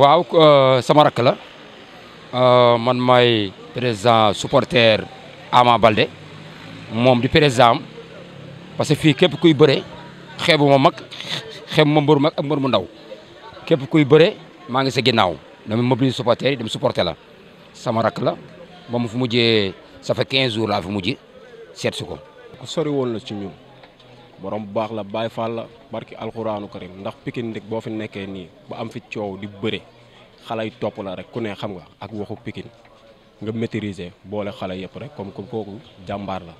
waaw euh, sama rakk la euh, man maay président supporter Ama Balde moom di président am parce que fii képp kuy bëre xeebu ma mag xeebu ma mbër mag ak mbër mu ndaw képp kuy bëre maa ngi sa ginnaaw dama mobiliser supporter yi dem supporter la sama rakk la ba mu fi mujjee ça fait 15 jours laa fi mujj seet si la ci borom bu baax la Baye Fall la barki alxuraanu karim ndax Pikine ndik boo fi nekkee nii ba am fi coow di bëre xale yi topp la rek ku ne xam nga ak waxu pikin nga maîtriser boole xale yëpp rek comme comme kooku jàmbaar la.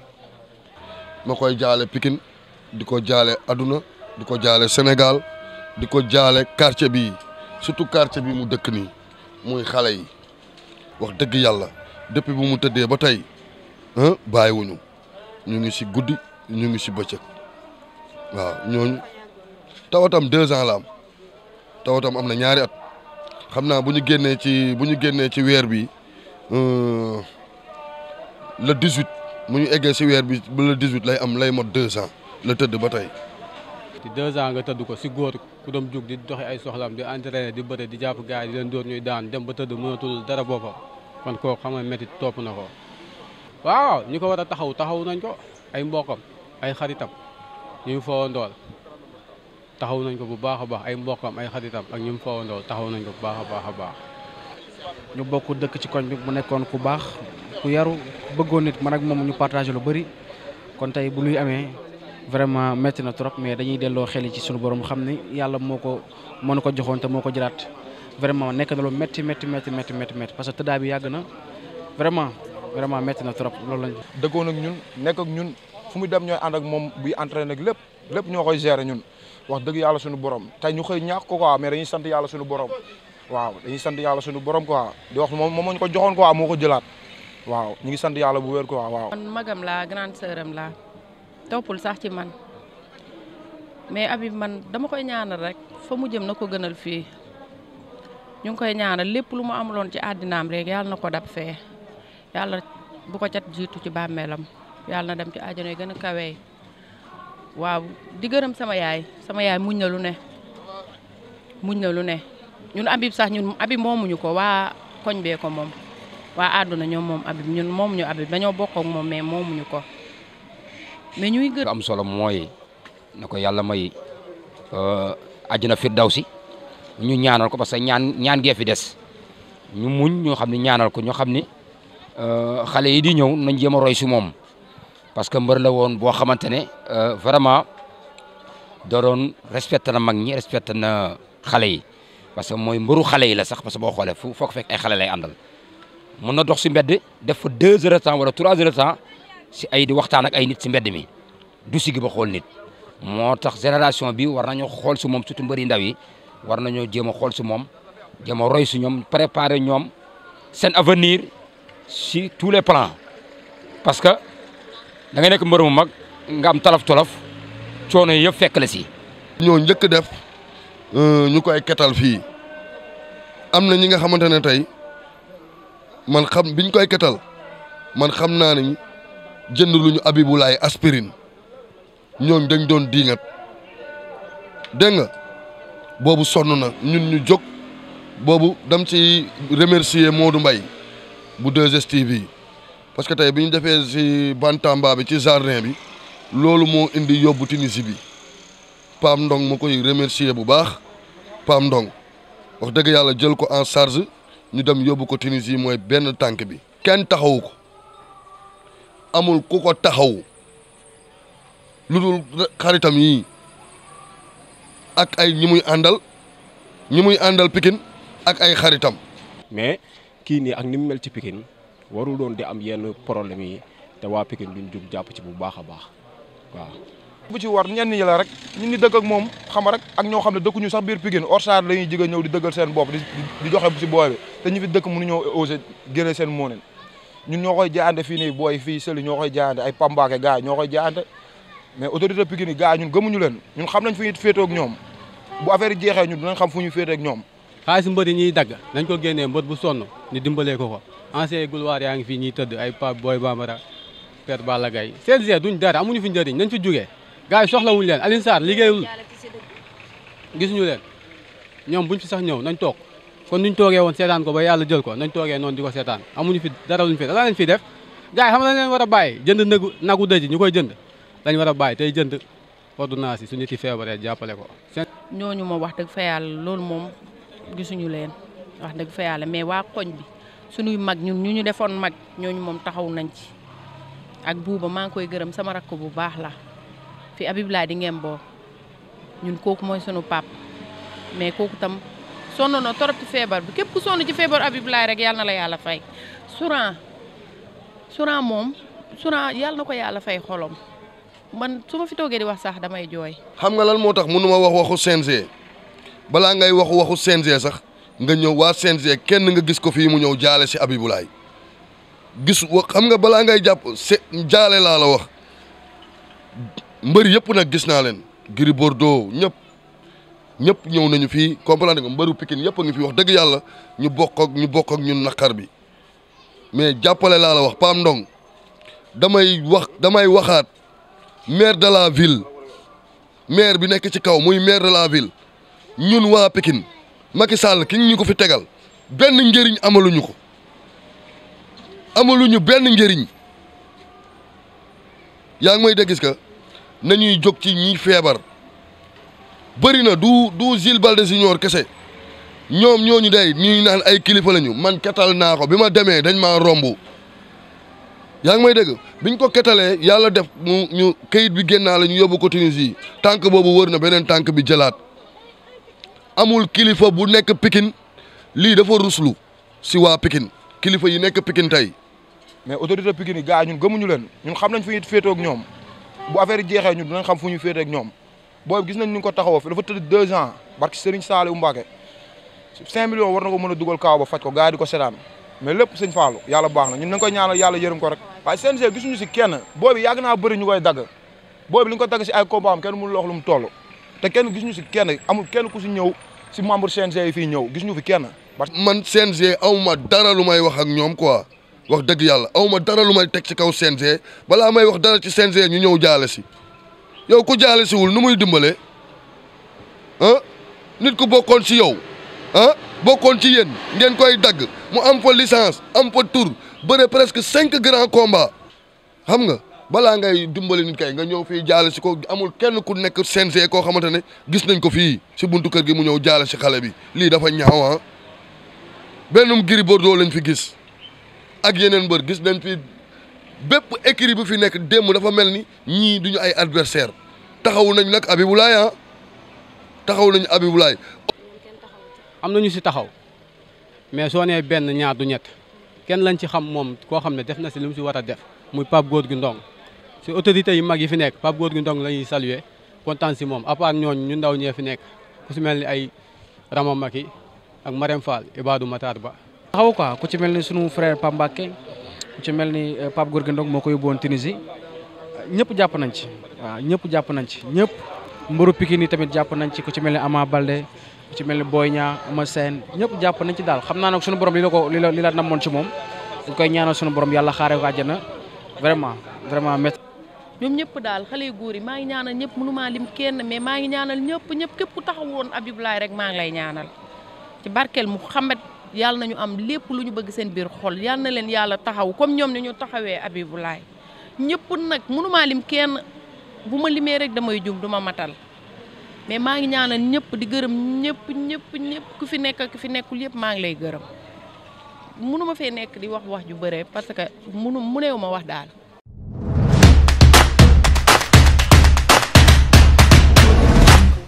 ma koy jaale pikin di ko jaale aduna di ko jaale Sénégal di ko jaale quartier bi surtout quartier bi mu dëkk nii muy xale yi wax dëgg yàlla depuis bu mu tëddee ba tey bàyyiwuñu ñu ngi si guddi ñu ngi si bëccëg. waaw ñooñu tawatam deux ans la am tawatam am na ñaari at xam naa bu ñu génnee ci bu ñu génnee ci weer bi euh, le dix huit mu ñu eggee si weer bi le dix huit lay am lay mot deux ans la tëdd ba tey. ci deux ans nga tëdd ko si góor ku dem jug di doxi ay soxlaam di entraîné di bëre di jàpp gars yi di leen dóor ñuy daan dem ba tëdd mënatul dara boppam kon koo xam na métti topp na ko waaw ñi ko war a taxaw taxaw nañ ko ay mbokam ay xaritam. ñi mu fawandool taxaw nañ ko bu baax a baax ay mbokkam ay xaritam ak ñi mu fawandool taxaw nañ ko bu baax a baax a baax ñu bokk dëkk ci koñ bi mu nekkoon ku baax ku yaru bëggoon nit man ak moom ñu partagé lu bëri kon tey bu luy amee vraiment metti na trop mais dañuy delloo xel yi ci suñu borom xam ni yàlla moo ko moo ko joxoon te moo ko jëlaat vraiment nekk na lu métti métti métti métti métti parce que tëddaa bi yàgg na vraiment vraiment métti na trop loolu lañ fu mu dem ñooy ànd ak moom buy entraîné ak lépp lépp ñoo koy gérer ñun wax dëgg yàlla suñu borom tey ñu xëy ñàkk ko quoi mais dañuy sant yàlla suñu borom waaw dañuy sant yàlla suñu borom quoi di wax moom moom ñu ko joxoon quoi moo ko jëlaat waaw ñu ngi sant yàlla bu wér quoi waaw. man laa grande sœur am laa toppul sax ci man mais abi man dama koy ñaanal rek fa mu jëm na ko gënal fii ñu ngi koy ñaanal lépp lu mu amuloon ci àddinaam rek yàlla na ko dab fee yàlla bu ko cat jiitu ci bàmmeelam yàlla na dem ci àjjana yi gën a kawe waaw di gërëm sama yaay sama yaay muñ na lu ne muñ na lu ne ñun abib sax ñun abib moomuñu ko waa koñ bee ko moom waa àdduna ñoom moom abib ñun moomuñu abib dañoo bokk ak moom mais moomuñu ko mais ñuy gër am solo mooy na ko yàlla may euh, àjjana firdawsi ñu ñaanal ko parce que ñaan ñaan fi des ñu ñoo xam ne ñaanal ko ñoo xam ne euh, xale yi di ñëw nañ jéem a roy si moom parce que mbër la woon boo xamante ne euh, vraiment doo doon respecté na mag ñi respecté na xale yi parce que mooy mbëru xale yi la sax parce que boo xoolee fu foog fekk ay xale lay àndal mun na dox si mbedd def fa deux heures temps wala trois heures de temps si ay di waxtaan ak ay nit si mbedd mi du sigi ba xool nit moo tax génération bi war nañoo xool si moom surtout mbëri ndaw yi war nañoo jéem a xool si moom jéem a roy si ñoom préparer ñoom seen avenir si tous les plans da nekk mbër mu mag nga am tolof tolof coono yëpp fekk la si. ñoo njëkk def euh, ñu koy ketal fii am na ñi nga xamante ne tey man xam biñ koy ketal man xam naa ne jënd lu ñu abibulaay aspirine ñoom dañ doon diingat dégg nga boobu sonn na ñun ñu jóg boobu dam ci remercier Modou mbay bu 2STV parce que tey bi ñu defee si bantamba bi ci jardin bi loolu moo indi yóbbu Tunisie bi Pam Ndong ma koy remercier bu baax Pam Ndong wax dëgg yàlla jël ko en charge ñu dem yóbbu ko Tunisie mooy benn tànk bi kenn taxawu ko amul ku ko taxaw lu dul xaritam yi ak ay ñi muy àndal ñi muy àndal Pikine ak ay xaritam mais kii nii ak ni mu mel ci Pikine warul doon di am yenn problème yi te waa Pikine duñ jug jàpp ci bu baax a baax waaw. bu ci war ñenn ñi la rek ñun ñi dëkk ak moom xam rek ak ñoo xam ne dëkkuñu sax biir Pikine Orsar la ñuy jig a ñëw di dëggal seen bopp di joxe ci booy bi te ñu fi dëkk mënuñoo osé génne seen mooneen ñun ñoo koy jaayante fii nii booy fii sëli ñoo koy jaayante ay pambaake gars yi ñoo koy jaayante mais autorité Pikine yi gars yi ñun gëmuñu leen ñun xam nañ fu ñu féetoo ak bu affaire yi jeexee ñun xam fu ñu féetee ak ñoom xaalis mbër yi ñuy dagg dañ ko génnee mbër bu sonn ñu dimbalee ko ko ancien gloire yaa ngi fi ñuy tëdd ay Pape Boy Bambara la Balla Gaye CNG duñ dara amuñu fi njëriñ nañ fi jógee gars yi soxlawuñu leen Alioune Sarr liggéeyul gisuñu leen ñoom buñ fi sax ñëw nañ toog kon nuñ toogee woon seetaan ko ba yàlla jël ko nañ toogee noonu di ko seetaan amuñu fi dara luñ fi dara lañ def gars yi xam na leen war a bàyyi jënd nagu nagu dëj ñu koy jënd dañ war a bàyyi tey jënd ordonnance yi su nit yi feebaree jàppale ko ñooñu moom wax dëgg fa yàlla loolu moom gisuñu leen wax suñuy mag ñun ñu ñu defoon mag ñooñu moom taxaw nañ ci ak buuba maa ngi koy gërëm sama rakk bu baax la fi Habib laa di ngeen boo ñun kooku mooy sunu pap mais kooku tam sonn na torop ci feebar bi képp ku ci feebar Habib laa rek yàlla na la yàlla fay Souran Souran moom Souran yàlla na ko yàlla fay xolom man su ma fi toogee di wax sax damay jooy. xam nga lan moo tax mënuma wax waxu CNG balaa ngay waxu waxu CNG sax. nga ñëw waa CNG kenn nga gis ko fii mu ñëw jaale si Abibulaay gis wa xam nga balaa ngay jàpp se jaale laa la wax mbër yëpp nag gis naa leen Gris Bordeaux ñëpp ñëpp ñëw nañu fii comprendre nga mbëru Pikine yëpp a ngi fi wax dëgg yàlla ñu bokk ak ñu ñun naqar bi mais jàppale laa la wax Pam Ndong damay wax damay waxaat maire de la ville maire bi nekk ci kaw muy maire de la ville ñun waa pikin Macky Sall ki ñu ko fi tegal benn njëriñ amaluñu ko amaluñu benn njëriñ yaa ngi may dégg gis ka nañuy jóg ci ñiy feebar bëri na du du Jules Balde Junior kese ñoom ñooñu day ñuy naan ay kilifa ñu man ketal naa ko bi ma demee dañ ma romb yaa ngi may dégg biñ ko ketalee yàlla def mu ñu kayit bi génnaa la ñu yóbbu ko Tunisie tànk boobu wër na beneen tànk bi jëlaat. amul kilifa bu nekk pikin lii dafa ruslu si waa Pikine kilifa yi nekk Pikine tey. mais autorité Pikine yi gars ñun gëmuñu leen ñun xam nañ fu ñuy féetoo ñoom bu affaire jeexee ñun dinañ xam fu ñuy féetee ak ñoom booy gis nañ ni ñu ko taxawoo fi dafa tëdd deux ans barki Serigne Saliou Mbacké cinq millions war na ko mën a dugal kaaw ba faj ko gars di ko seetaan mais lépp sëñ Fallou yàlla baax na ñun nañ koy ñaanal yàlla yërëm ko rek waaye CNG gisuñu si kenn booy bi yàgg naa bëri ñu koy dagg booy bi ñu ko dagg si ay combat am kenn mënu loox lu mu toll te kenn gisuñu si kenn amul kenn ku si ñëw si membre CNG yi fii ñëw gis ñu fi kenn. man CNG awma dara lu may wax ak ñoom quoi wax dëgg yàlla awma dara lu may teg ci kaw CNG balaa may wax dara ci CNG ñu ñëw jaale si yow ku jaale siwul nu muy dimbale ah nit ku bokkoon si yow ah bokkoon ci yéen ngeen koy dagg mu am fa licence am fa tour bëre presque cinq grands komba xam nga. balaa ngay dimbali nit kay nga ñëw fii jaale si ko amul kenn ku nekk CNG koo xamante ne gis nañ ko fii si buntu kër gi mu ñëw jaale si xale bi lii dafa ñaaw ah. benn bennum Gris Bordeaux lañ gis ak yeneen mbër gis nañ fi bépp écurie bu fi nekk démb dafa mel ni ñii duñu ay adversaire taxawu nañ nag Abibulaay ah taxaw nañ Abibulaay am nañu si taxaw mais soo nee benn ñaar du ñett kenn lañ ci xam moom koo xam ne def na si li si war a def muy Pape gi Ndong si autorités yu mag yi fi nekk Pape Gorgui Ndong la ñuy saluer tan si moom à part ñooñ ñu ndaw ñee fi nekk ku si mel ni ay Rama Maki ak Marème Fall Ibadou Matar Ba. taxaw quoi ku ci mel ni sunu frère Pape ku ci mel ni euh, Pape Gorgui Ndong moo ko yóbbuwoon Tunisie euh, ñëpp jàpp nañ ci waaw ñëpp jàpp nañ ci ñëpp mburu Pikine yi tamit jàpp nañ ci ku ci mel ni Ama Baldé ku ci mel ni Boy Niang Ama seen ñëpp jàpp nañ ci daal xam naa nag sunu borom li la ko li li la namoon ci moom dañ koy borom yàlla xaaree ko àjjana ñoom ñëpp daal xale yu góor yi maa ngi ñaanal ñëpp mënumaa lim kenn mais maa ngi ñaanal ñëpp ñëpp képp ku taxaw woon Abibulaay rek maa ngi lay ñaanal ci barkeel Muhammad yàlla nañu am lépp lu ñu bëgg seen biir xol yàlla na leen yàlla taxaw comme ñoom ni ñu taxawee Abibulaay ñëpp nag mënumaa lim kenn bu ma limee rek damay jum duma matal mais maa ngi ñaanal ñëpp di gërëm ñëpp ñëpp ñëpp ku fi nekk ku fi nekkul yëpp maa ngi lay gërëm mënuma fee nekk di wax wax ju bëre parce que mënu mëneewu ma wax daal